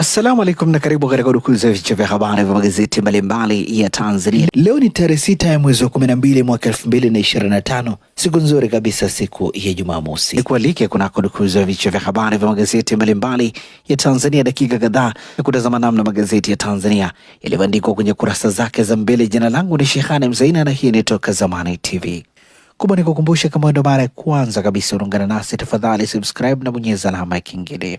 Assalamu alaikum na karibu katika udukuzi ya vichwa vya habari vya magazeti mbalimbali ya Tanzania. Leo ni tarehe sita ya mwezi wa 12 mwaka 2025, siku nzuri kabisa, siku ya Jumamosi. Ni kualike kunako dukuzi ya vichwa vya habari vya magazeti mbalimbali ya Tanzania, dakika kadhaa ya kutazama namna magazeti ya Tanzania yalivyoandikwa kwenye kurasa zake za mbele. Jina langu ni Shehane Mzaina na hii ni Toka Zamani TV. Kubwa ni kukumbusha, kama ndo mara ya kwanza kabisa unaungana nasi, tafadhali subscribe na bonyeza alama ya kengele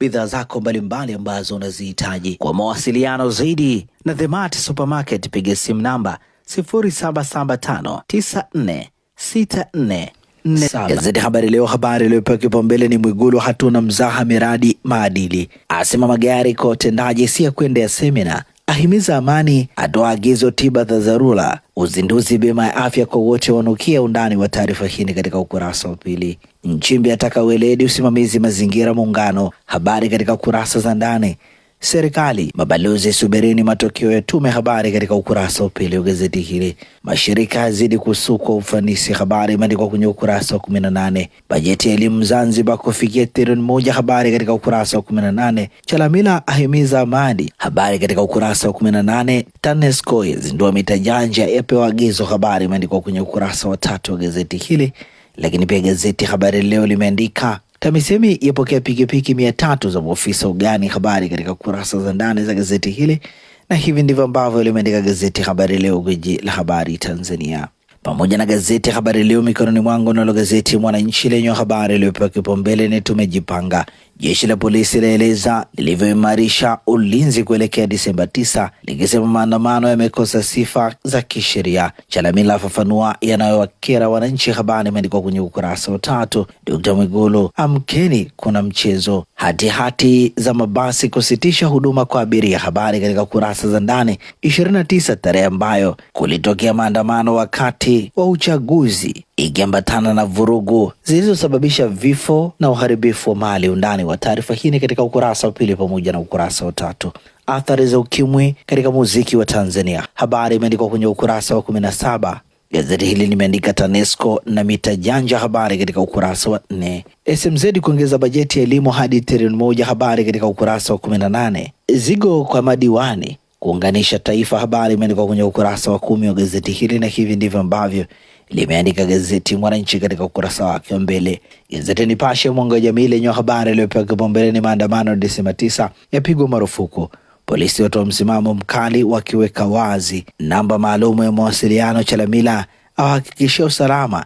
bidhaa zako mbalimbali ambazo unazihitaji. Kwa mawasiliano zaidi na Themart Supermarket, piga simu namba 0775946447. Gazeti Habari Leo, habari iliyopewa kipaumbele ni Mwigulu hatuna mzaha miradi maadili, asema magari kwa watendaji si ya kuendea semina ahimiza amani, atoa agizo tiba za dharura, uzinduzi bima ya afya kwa wote wanukia. Undani wa taarifa hii katika ukurasa wa pili. Nchimbi ataka weledi usimamizi mazingira muungano, habari katika kurasa za ndani serikali. Mabalozi, subirini matokeo ya tume habari katika ukurasa wa pili wa gazeti hili. Mashirika yazidi kusukwa ufanisi, habari imeandikwa kwenye ukurasa wa kumi na nane. Bajeti ya elimu Zanzibar kufikia trilioni moja, habari katika ukurasa wa kumi na nane. Chalamila ahimiza amani, habari katika ukurasa wa kumi na nane. TANESCO yazindua mita janja yapewa agizo, habari imeandikwa kwenye ukurasa wa tatu wa gazeti hili. Lakini pia gazeti Habari Leo limeandika TAMISEMI yapokea pikipiki mia tatu za maofisa ugani. Habari katika kurasa za ndani za gazeti hili, na hivi ndivyo ambavyo limeandika gazeti Habari Leo, gwiji la habari Tanzania pamoja na gazeti Habari Leo mikononi mwangu. Nalo gazeti Mwananchi lenye habari iliyopewa kipaumbele ni tumejipanga, jeshi la polisi laeleza lilivyoimarisha ulinzi kuelekea Disemba tisa, likisema maandamano yamekosa sifa za kisheria. Chalamila afafanua yanayowakera wananchi, habari imeandikwa kwenye ukurasa wa tatu. Dkt Mwigulu, amkeni, kuna mchezo hatihati hati za mabasi kusitisha huduma kwa abiria. Habari katika kurasa za ndani. 29 tarehe ambayo kulitokea maandamano wakati wa uchaguzi ikiambatana na vurugu zilizosababisha vifo na uharibifu wa mali. Undani wa taarifa hii katika ukurasa wa pili pamoja na ukurasa wa tatu. Athari za ukimwi katika muziki wa Tanzania. Habari imeandikwa kwenye ukurasa wa 17. Gazeti hili limeandika TANESCO na mita janja, habari katika ukurasa wa nne. SMZ kuongeza bajeti ya elimu hadi trilioni moja, habari katika ukurasa wa 18. Zigo kwa madiwani kuunganisha taifa, habari imeandikwa kwenye ukurasa wa kumi wa gazeti hili, na hivi ndivyo ambavyo limeandika gazeti Mwananchi katika ukurasa wake wa mbele. Gazeti Nipashe mwanga wa jamii lenye habari iliyopewa kipaumbele ni maandamano Desemba 9 yapigwa marufuku Polisi watoa msimamo mkali wakiweka wazi namba maalumu ya mawasiliano Chalamila awahakikishia usalama.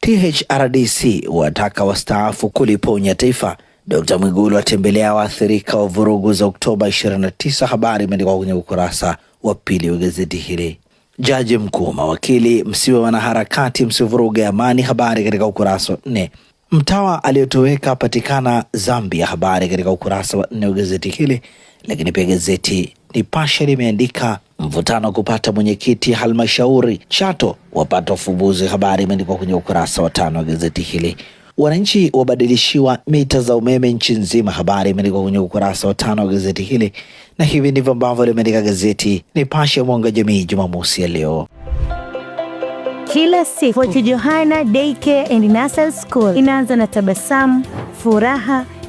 THRDC wataka wastaafu kuliponya taifa. Dkt Mwigulu atembelea waathirika wa vurugu za Oktoba 29. Habari imeandikwa kwenye ukurasa wa pili wa gazeti hili. Jaji mkuu, mawakili msiwe wanaharakati, msivuruge amani. Habari katika ukurasa wa nne. Mtawa aliyotoweka patikana Zambia, habari katika ukurasa wa nne wa gazeti hili. Lakini pia gazeti Nipashe limeandika mvutano wa kupata mwenyekiti halmashauri Chato wapata ufumbuzi, habari imeandikwa kwenye ukurasa wa tano wa gazeti hili. Wananchi wabadilishiwa mita za umeme nchi nzima, habari imeandikwa kwenye ukurasa wa tano wa gazeti hili, na hivi ndivyo ambavyo limeandika gazeti Nipashe ya mwanga jamii Jumamosi ya leo kila siku. Fort Johanna Daycare and Nursery School inaanza na tabasamu, furaha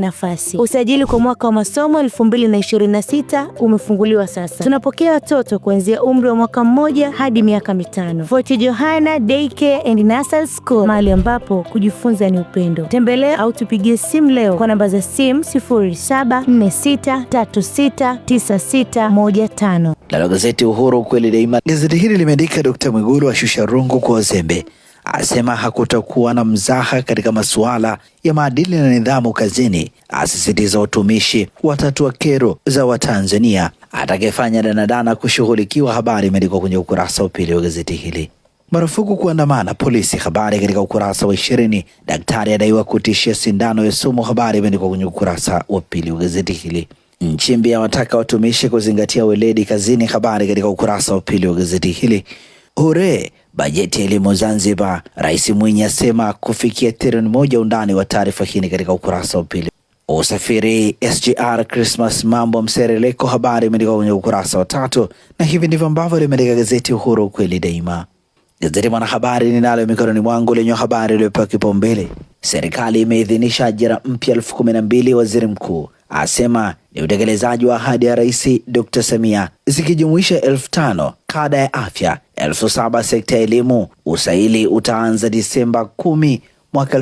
nafasi. Usajili kwa mwaka wa masomo 2026 umefunguliwa sasa. Tunapokea watoto kuanzia umri wa mwaka mmoja hadi miaka mitano. Fort Johanna Daycare and Nursery School, mahali ambapo kujifunza ni upendo. Tembelea au tupigie simu leo kwa namba za simu 0746369615. Nalo gazeti Uhuru, ukweli daima. Gazeti hili limeandika Dkt Mwigulu ashusha rungu kwa wazembe asema hakutakuwa na mzaha katika masuala ya maadili na nidhamu kazini, asisitiza utumishi watatua kero za Watanzania. Atakayefanya danadana kushughulikiwa. Habari imeandikwa kwenye ukurasa wa pili wa gazeti hili. Marufuku kuandamana polisi, habari katika ukurasa wa ishirini. Daktari adaiwa kutishia sindano ya sumu, habari imeandikwa kwenye ukurasa wa pili wa gazeti hili. Nchimbi awataka watumishi kuzingatia weledi kazini, habari katika ukurasa wa pili wa gazeti hili. Hure Bajeti ya elimu Zanzibar, Rais Mwinyi asema kufikia trilioni moja. Undani wa taarifa hii katika ukurasa wa pili. Usafiri SGR Christmas mambo msereleko, habari imeandikwa kwenye ukurasa wa tatu, na hivi ndivyo ambavyo limeandika gazeti Uhuru ukweli daima. Gazeti Mwanahabari ninalo mikononi mwangu lenye habari iliyopewa kipaumbele, serikali imeidhinisha ajira mpya elfu kumi na mbili. Waziri mkuu asema ni utekelezaji wa ahadi ya Rais Dr Samia zikijumuisha elfu tano kada ya afya elfu saba sekta ya elimu. Usaili utaanza Disemba kumi mwaka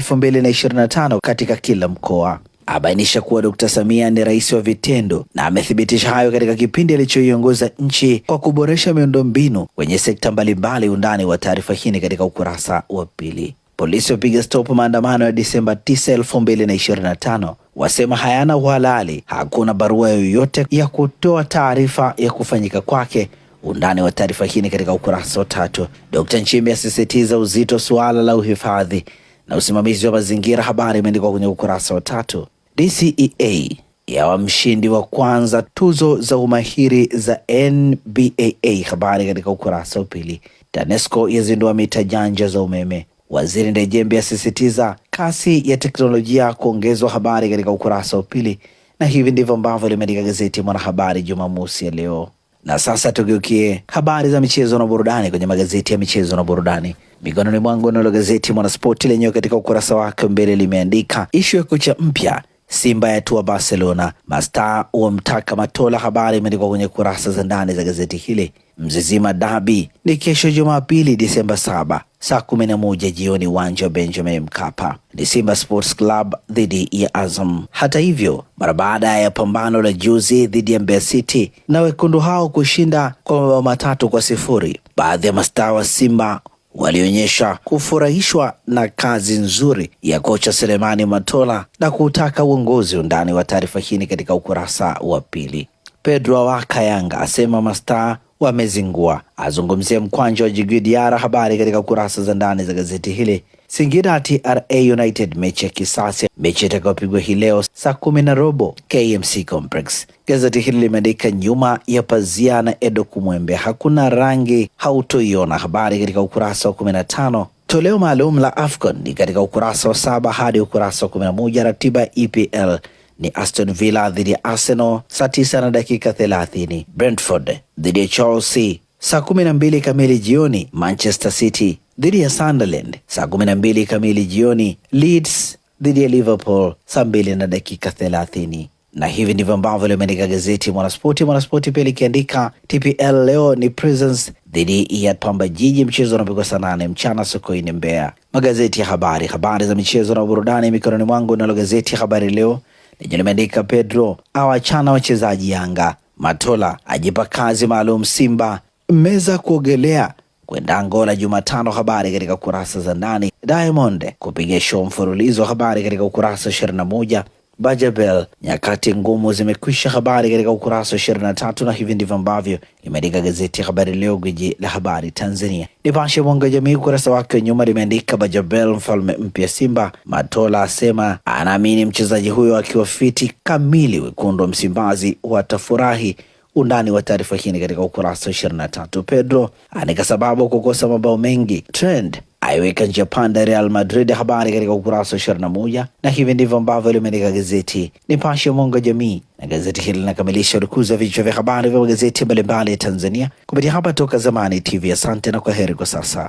tano katika kila mkoa. Abainisha kuwa Dkt. Samia ni rais wa vitendo na amethibitisha hayo katika kipindi alichoiongoza nchi kwa kuboresha miundombinu kwenye sekta mbalimbali. Undani wa taarifa hii ni katika ukurasa wa pili. Polisi wapiga stop maandamano ya Disemba 9, 2025 wasema hayana uhalali. Hakuna barua yoyote ya kutoa taarifa ya kufanyika kwake Undani wa taarifa hii ni katika ukurasa wa tatu. Dkt Nchimbi asisitiza uzito suala la uhifadhi na usimamizi wa mazingira, habari imeandikwa kwenye ukurasa wa tatu. DCEA yawa mshindi wa kwanza tuzo za umahiri za NBAA, habari katika ukurasa wa pili. TANESCO yazindua mita janja za umeme. Waziri Ndejembi asisitiza kasi ya teknolojia kuongezwa, habari katika ukurasa wa pili. Na hivi ndivyo ambavyo limeandika gazeti Mwanahabari Jumamosi ya leo. Na sasa tugeukie habari za michezo na burudani kwenye magazeti ya michezo na burudani. Mikononi mwangu nalo gazeti Mwanaspoti lenyewe katika ukurasa wake mbele limeandika ishu ya kocha mpya Simba yatua Barcelona, mastaa wamtaka Matola. Habari imeandikwa kwenye kurasa za ndani za gazeti hili. Mzizima Dabi ni kesho Jumapili, Disemba 7 saa kumi na moja jioni, uwanja wa Benjamin Mkapa. Ni Simba Sports Club dhidi ya Azam. Hata hivyo, mara baada ya pambano la juzi dhidi ya Mbeya City na wekundu hao kushinda kwa mabao matatu kwa sifuri, baadhi ya mastaa wa Simba walionyesha kufurahishwa na kazi nzuri ya kocha Selemani Matola na kuutaka uongozi. Undani wa taarifa hii katika ukurasa wa pili. Pedro Awaka Yanga asema mastaa wamezingua. Azungumzie mkwanja wa Djigui diara habari katika kurasa za ndani za gazeti hili. Singida TRA United, mechi ya kisasi, mechi itakayopigwa hii leo saa kumi na robo KMC Complex. Gazeti hili limeandika nyuma ya pazia na Edo Kumwembe, hakuna rangi hautoiona, habari katika ukurasa wa kumi na tano. Toleo maalum la AFCON ni katika ukurasa wa saba hadi ukurasa wa kumi na moja, ratiba ya e EPL ni Aston Villa dhidi ya Arsenal saa tisa na dakika thelathini. Brentford dhidi ya Chelsea saa kumi na mbili kamili jioni, Manchester City dhidi ya Sunderland saa kumi na mbili kamili jioni, Leeds dhidi ya Liverpool saa mbili na dakika thelathini. na hivi ndivyo ambavyo limeandika gazeti Mwanaspoti. Mwanaspoti pia likiandika TPL leo ni Prisons dhidi ya Pamba Jiji, mchezo unapigwa saa nane mchana Sokoine, Mbeya. Magazeti ya habari, habari za michezo na burudani mikononi mwangu, nalo gazeti ya Habari Leo lenye limeandika Pedro awachana wachezaji Yanga, Matola ajipa kazi maalum Simba, meza kuogelea kwenda Angola Jumatano. Habari katika kurasa za ndani. Diamond kupiga show mfululizo, habari katika ukurasa 21. Bajabel, nyakati ngumu zimekwisha. Habari katika ukurasa wa ishirini na tatu, na hivi ndivyo ambavyo limeandika gazeti ya Habari Leo, gwiji la habari Tanzania. Nipashe mwanga wa jamii ukurasa wake wa nyuma limeandika Bajabel, mfalme mpya Simba. Matola asema anaamini mchezaji huyo akiwa fiti kamili, wekundu wa Msimbazi watafurahi undani wa taarifa hii katika ukurasa wa tatu Pedro anika sababu kukosa mabao mengi trend aiweka njia panda Real Madrid. Habari katika ukurasa wa ishirini na moja na hivi ndivyo ambavyo limeandika gazeti Nipashe ya mwanga wa jamii, na gazeti hili linakamilisha urukuzi wa vichwa vya habari vya magazeti mbalimbali ya Tanzania kupitia hapa Toka Zamani TV. Asante na kwa heri kwa sasa.